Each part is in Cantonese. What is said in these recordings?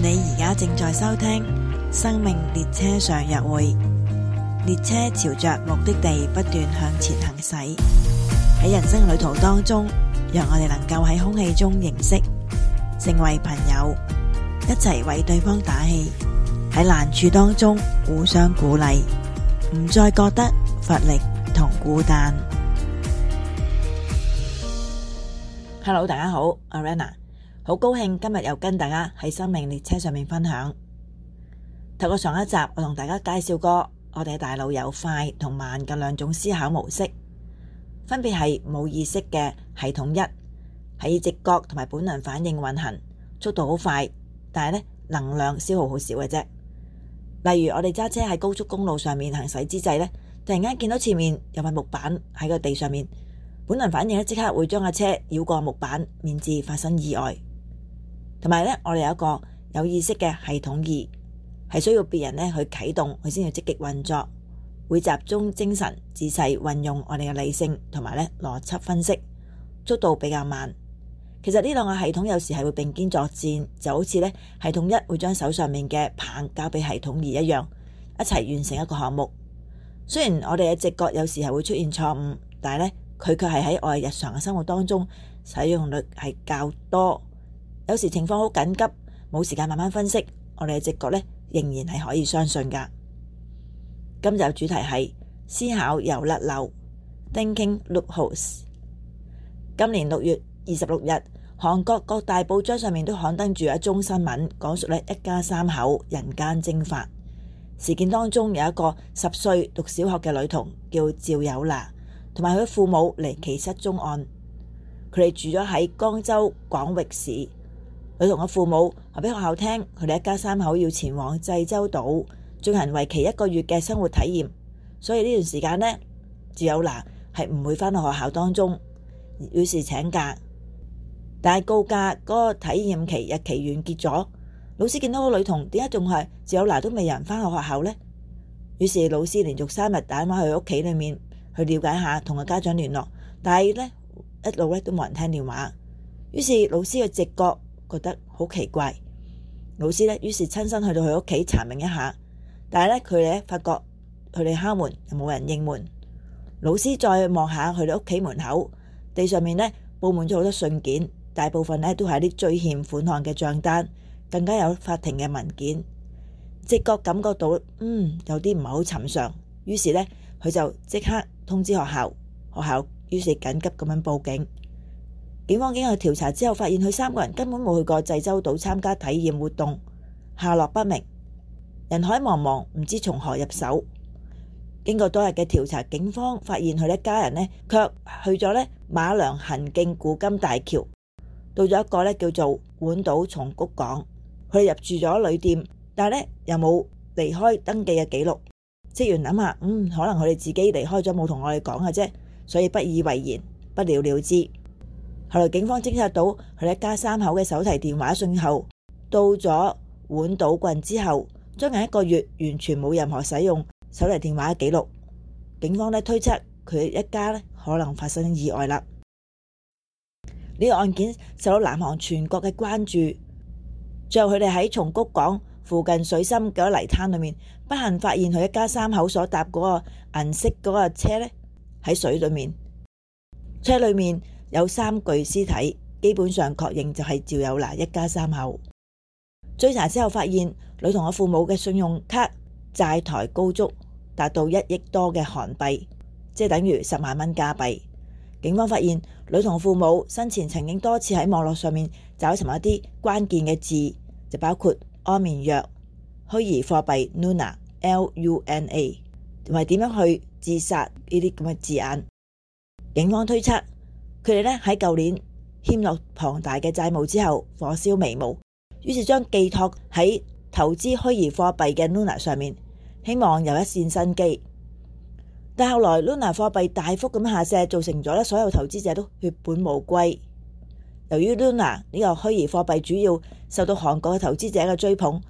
你而家正在收聽《生命列車上約會》，列車朝着目的地不斷向前行駛。喺人生旅途當中，讓我哋能夠喺空氣中認識，成為朋友，一齊為對方打氣。喺難處當中互相鼓勵，唔再覺得乏力同孤單。Hello，大家好，阿 Rana。好高興今日又跟大家喺生命列車上面分享。透過上一集，我同大家介紹過，我哋嘅大腦有快同慢嘅兩種思考模式，分別係冇意識嘅系統一，係直覺同埋本能反應運行，速度好快，但係咧能量消耗好少嘅啫。例如我哋揸車喺高速公路上面行駛之際咧，突然間見到前面有塊木板喺個地上面，本能反應咧即刻會將架車繞過木板，免致發生意外。同埋咧，我哋有一個有意識嘅系統二，係需要別人咧去啟動佢先要積極運作，會集中精神、仔細運用我哋嘅理性同埋咧邏輯分析，速度比較慢。其實呢兩個系統有時係會並肩作戰，就好似咧系統一會將手上面嘅棒交俾系統二一樣，一齊完成一個項目。雖然我哋嘅直覺有時係會出現錯誤，但係咧佢卻係喺我哋日常嘅生活當中使用率係較多。有時情況好緊急，冇時間慢慢分析，我哋嘅直覺咧仍然係可以相信噶。今日嘅主題係思考有甩漏 （Thinking Loopholes）。今年六月二十六日，韓國各大報章上面都刊登住一宗新聞，講述咧一家三口人間蒸發事件當中，有一個十歲讀小學嘅女童叫趙有娜，同埋佢父母離奇失蹤案。佢哋住咗喺光州廣域市。女童嘅父母話畀學校聽，佢哋一家三口要前往濟州島進行為期一個月嘅生活體驗，所以呢段時間呢，趙有娜係唔會返到學校當中，於是請假。但係告假嗰個體驗期日期完結咗，老師見到個女童點解仲係趙有娜都未有人返到學校呢？於是老師連續三日打電話去屋企裏面去了解下，同個家長聯絡，但係呢，一路呢都冇人聽電話。於是老師嘅直覺。覺得好奇怪，老師呢，於是親身去到佢屋企查明一下，但係呢，佢哋發覺佢哋敲門又冇人應門，老師再望下佢哋屋企門口地上面呢，佈滿咗好多信件，大部分呢，都係啲追欠款項嘅賬單，更加有法庭嘅文件，直覺感覺到嗯有啲唔係好尋常，於是呢，佢就即刻通知學校，學校於是緊急咁樣報警。警方經過調查之後，發現佢三個人根本冇去過濟州島參加體驗活動，下落不明，人海茫茫，唔知從何入手。經過多日嘅調查，警方發現佢一家人呢，卻去咗馬良行徑古今大橋，到咗一個叫做莞島松谷港，佢哋入住咗旅店，但係呢，又冇離開登記嘅記錄。職員諗下，嗯，可能佢哋自己離開咗冇同我哋講嘅啫，所以不以為然，不了了之。後來警方偵察到佢哋一家三口嘅手提電話信號到咗莞島郡之後，將近一個月完全冇任何使用手提電話嘅記錄。警方呢推測佢一家呢可能發生意外啦。呢、這個案件受到南韓全國嘅關注。最後佢哋喺松谷港附近水深嘅泥灘裏面，不幸發現佢一家三口所搭嗰個銀色嗰個車呢喺水裏面，車裏面。有三具屍體，基本上確認就係趙有娜一家三口。追查之後發現，女童嘅父母嘅信用卡債台高築達到一億多嘅韓幣，即等於十萬蚊加幣。警方發現，女童父母生前曾經多次喺網絡上面找尋一啲關鍵嘅字，就包括安眠藥、虛擬貨幣 Luna、Luna 同埋點樣去自殺呢啲咁嘅字眼。警方推測，佢哋喺舊年欠落龐大嘅債務之後，火燒眉毛，於是將寄託喺投資虛擬貨幣嘅 Luna 上面，希望有一線生機。但後來 Luna 貨幣大幅咁下瀉，造成咗咧所有投資者都血本無歸。由於 Luna 呢個虛擬貨幣主要受到韓國嘅投資者嘅追捧，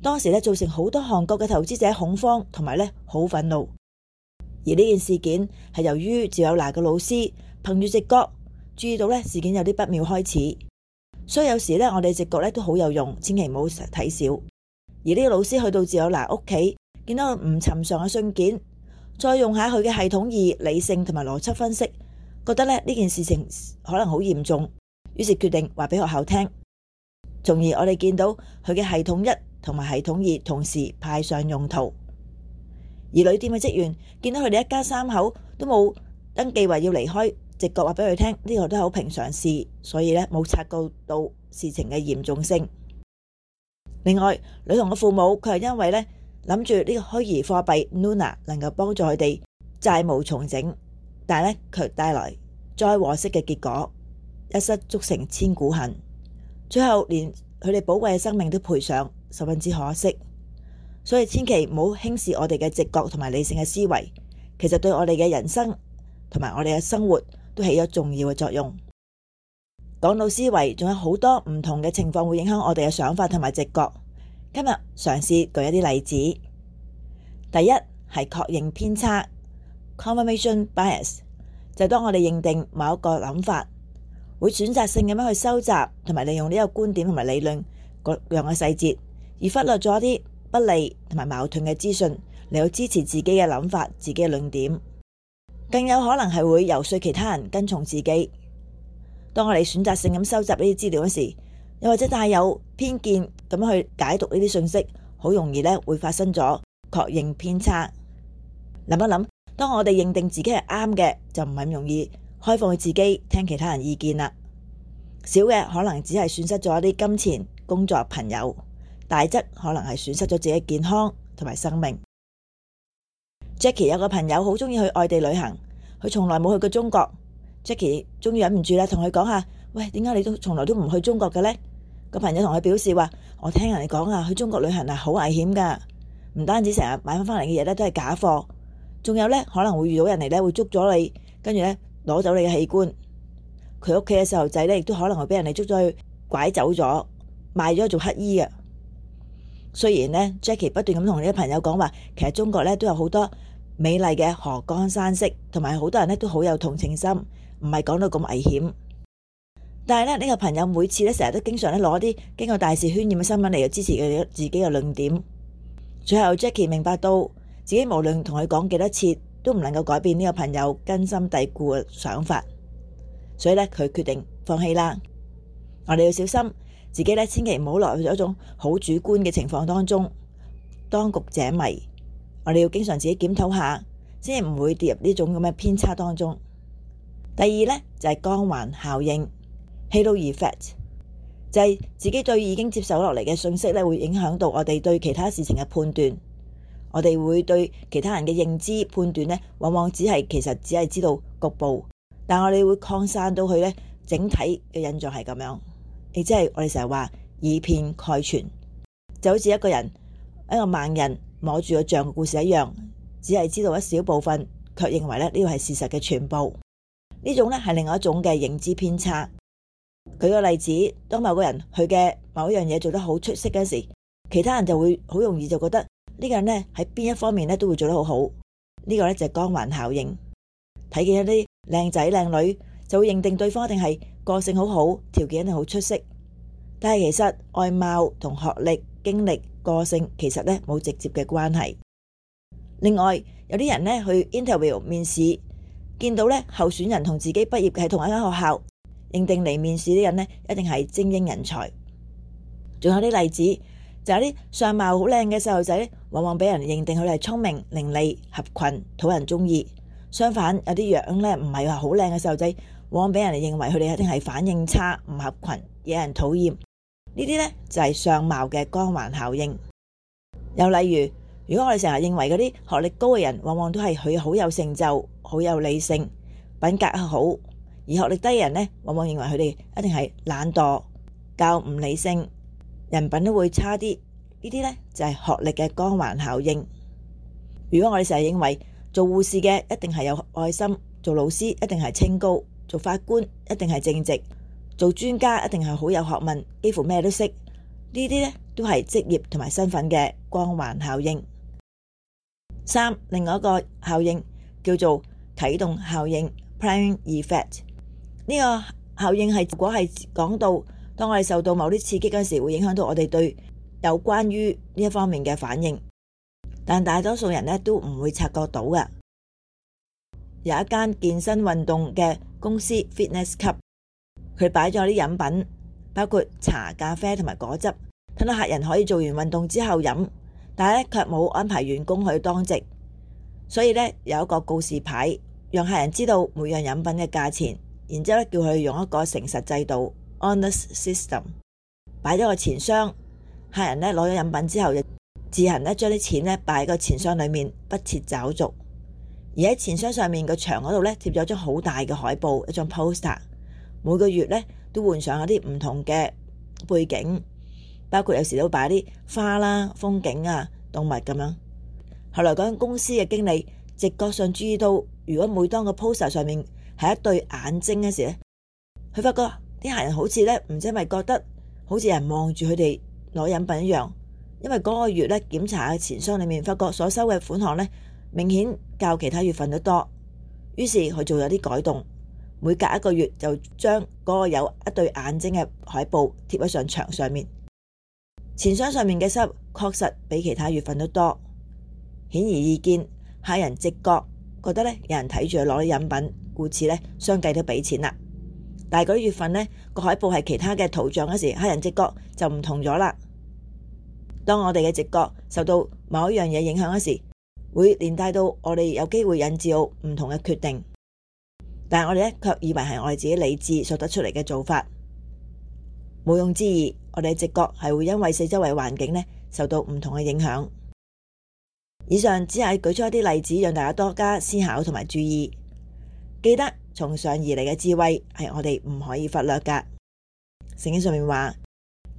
當時咧造成好多韓國嘅投資者恐慌同埋咧好憤怒。而呢件事件係由於趙有娜嘅老師憑住直覺，注意到咧事件有啲不妙開始，所以有時咧我哋直覺咧都好有用，千祈唔好睇少。而呢個老師去到趙有娜屋企，見到唔尋常嘅信件，再用下佢嘅系統二理性同埋邏輯分析，覺得咧呢件事情可能好嚴重，於是決定話俾學校聽。從而我哋見到佢嘅系統一同埋系統二同時派上用途。而旅店嘅職員見到佢哋一家三口都冇登記話要離開。直覺話畀佢聽呢個都係好平常事，所以呢，冇察覺到事情嘅嚴重性。另外，女童嘅父母佢係因為呢，諗住呢個虛擬貨幣 LUNA 能夠幫助佢哋債務重整，但係呢，卻帶來災禍式嘅結果，一失足成千古恨。最後連佢哋寶貴嘅生命都賠上，十分之可惜。所以千祈唔好輕視我哋嘅直覺同埋理性嘅思維。其實對我哋嘅人生同埋我哋嘅生活。都起咗重要嘅作用。講到思維，仲有好多唔同嘅情況會影響我哋嘅想法同埋直覺。今日嘗試舉一啲例子。第一係確認偏差 （Confirmation Bias），就係當我哋認定某一個諗法，會選擇性咁樣去收集同埋利用呢個觀點同埋理論各樣嘅細節，而忽略咗一啲不利同埋矛盾嘅資訊嚟到支持自己嘅諗法、自己嘅論點。更有可能係會遊說其他人跟從自己。當我哋選擇性咁收集呢啲資料嗰時候，又或者帶有偏見咁去解讀呢啲信息，好容易咧會發生咗確認偏差。諗一諗，當我哋認定自己係啱嘅，就唔係咁容易開放佢自己聽其他人意見啦。小嘅可能只係損失咗一啲金錢、工作、朋友；大則可能係損失咗自己嘅健康同埋生命。Jackie 有個朋友好鍾意去外地旅行，佢從來冇去過中國。Jackie 終於忍唔住啦，同佢講下：「喂，點解你都從來都唔去中國嘅咧？」個朋友同佢表示話：我聽人哋講啊，去中國旅行啊好危險噶，唔單止成日買翻返嚟嘅嘢咧都係假貨，仲有咧可能會遇到人哋咧會捉咗你，跟住咧攞走你嘅器官。佢屋企嘅細路仔咧亦都可能會俾人哋捉咗去拐走咗，賣咗做乞衣嘅。雖然 Jackie 不斷咁同呢啲朋友講話，其實中國呢都有好多美麗嘅河江山色，同埋好多人呢都好有同情心，唔係講到咁危險。但係呢，呢個朋友每次成日都經常咧攞啲經過大事渲染嘅新聞嚟，支持佢自己嘅論點。最後 Jackie 明白到自己無論同佢講幾多次，都唔能夠改變呢個朋友根深蒂固嘅想法，所以呢，佢決定放棄啦。我哋要小心。自己咧千祈唔好落去咗一種好主觀嘅情況當中，當局者迷，我哋要經常自己檢討下，先至唔會跌入呢種咁嘅偏差當中。第二咧就係、是、光環效應 （Halo Effect），就係自己對已經接受落嚟嘅信息咧，會影響到我哋對其他事情嘅判斷，我哋會對其他人嘅認知判斷咧，往往只係其實只係知道局部，但我哋會擴散到去咧整體嘅印象係咁樣。你亦即係我哋成日話以偏概全，就好似一個人一個盲人摸住個象嘅故事一樣，只係知道一小部分，卻認為咧呢個係事實嘅全部。種呢種咧係另外一種嘅認知偏差。舉個例子，當某個人佢嘅某一樣嘢做得好出色嗰時候，其他人就會好容易就覺得呢、這個人咧喺邊一方面咧都會做得好好。這個、呢個咧就係、是、光環效應。睇見一啲靚仔靚女，就會認定對方一定係。個性好好，條件一定好出色，但係其實外貌同學歷、經歷、個性其實咧冇直接嘅關係。另外，有啲人咧去 interview 面試，見到咧候選人同自己畢業嘅係同一間學校，認定嚟面試啲人咧一定係精英人才。仲有啲例子，就係啲相貌好靚嘅細路仔咧，往往俾人認定佢係聰明、伶俐、合群、討人中意。相反，有啲樣咧唔係話好靚嘅細路仔，往往俾人哋認為佢哋一定係反應差、唔合群，惹人討厭。這些呢啲咧就係相貌嘅光環效應。又例如，如果我哋成日認為嗰啲學歷高嘅人，往往都係佢好有成就、好有理性、品格好；而學歷低嘅人咧，往往認為佢哋一定係懶惰、較唔理性、人品都會差啲。呢啲咧就係學歷嘅光環效應。如果我哋成日認為，做護士嘅一定係有愛心，做老師一定係清高，做法官一定係正直，做專家一定係好有學問，幾乎咩都識。呢啲咧都係職業同埋身份嘅光環效應。三，另外一個效應叫做啟動效應 （priming effect）。呢個效應係如果係講到當我哋受到某啲刺激嗰時候，會影響到我哋對有關於呢一方面嘅反應。但大多數人呢都唔會察覺到嘅，有一間健身運動嘅公司 Fitness Club，佢擺咗啲飲品，包括茶、咖啡同埋果汁，等到客人可以做完運動之後飲，但係呢卻冇安排員工去當值，所以呢，有一個告示牌，讓客人知道每樣飲品嘅價錢，然之後呢叫佢用一個誠實制度 （honest system） 擺咗個錢箱，客人攞咗飲品之後自行咧將啲錢咧擺喺個錢箱裏面不設找續，而喺錢箱上面個牆嗰度呢貼咗張好大嘅海報，一張 poster，每個月呢，都換上一啲唔同嘅背景，包括有時都擺啲花啦、風景啊、動物咁樣。後來嗰間公司嘅經理直覺上注意到，如果每當個 poster 上面係一對眼睛嘅時呢，佢發覺啲客人好似呢，唔知係咪覺得好似人望住佢哋攞飲品一樣。因為嗰個月咧檢查下錢箱裏面，發覺所收嘅款項咧明顯較其他月份都多，於是佢做咗啲改動，每隔一個月就將嗰個有一對眼睛嘅海報貼喺上牆上面。錢箱上面嘅收入確實比其他月份都多，顯而易見，客人直覺覺得咧有人睇住佢攞啲飲品，故此咧相繼都俾錢啦。但係嗰啲月份咧個海報係其他嘅圖像嗰時候，客人直覺就唔同咗啦。當我哋嘅直覺受到某一樣嘢影響嗰時，會連帶到我哋有機會引致到唔同嘅決定，但係我哋咧卻以為係我哋自己理智所得出嚟嘅做法。毋庸置疑，我哋嘅直覺係會因為四周圍環境咧受到唔同嘅影響。以上只係舉出一啲例子，讓大家多加思考同埋注意，記得從上而嚟嘅智慧係我哋唔可以忽略噶。聖經上面話：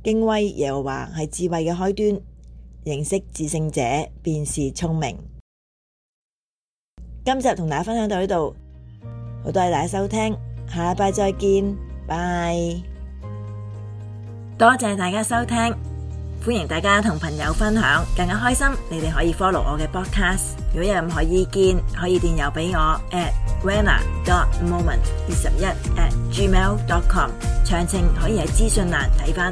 敬畏耶和華係智慧嘅開端，認識至聖者便是聰明。今集同大家分享到呢度，好多謝大家收聽，下禮拜再見，拜。多謝大家收聽，歡迎大家同朋友分享，更加開心。你哋可以 follow 我嘅 podcast，如果有任何意見，可以電郵俾我 at wenna dot moment 二十一 at gmail dot com，詳情可以喺資訊欄睇返。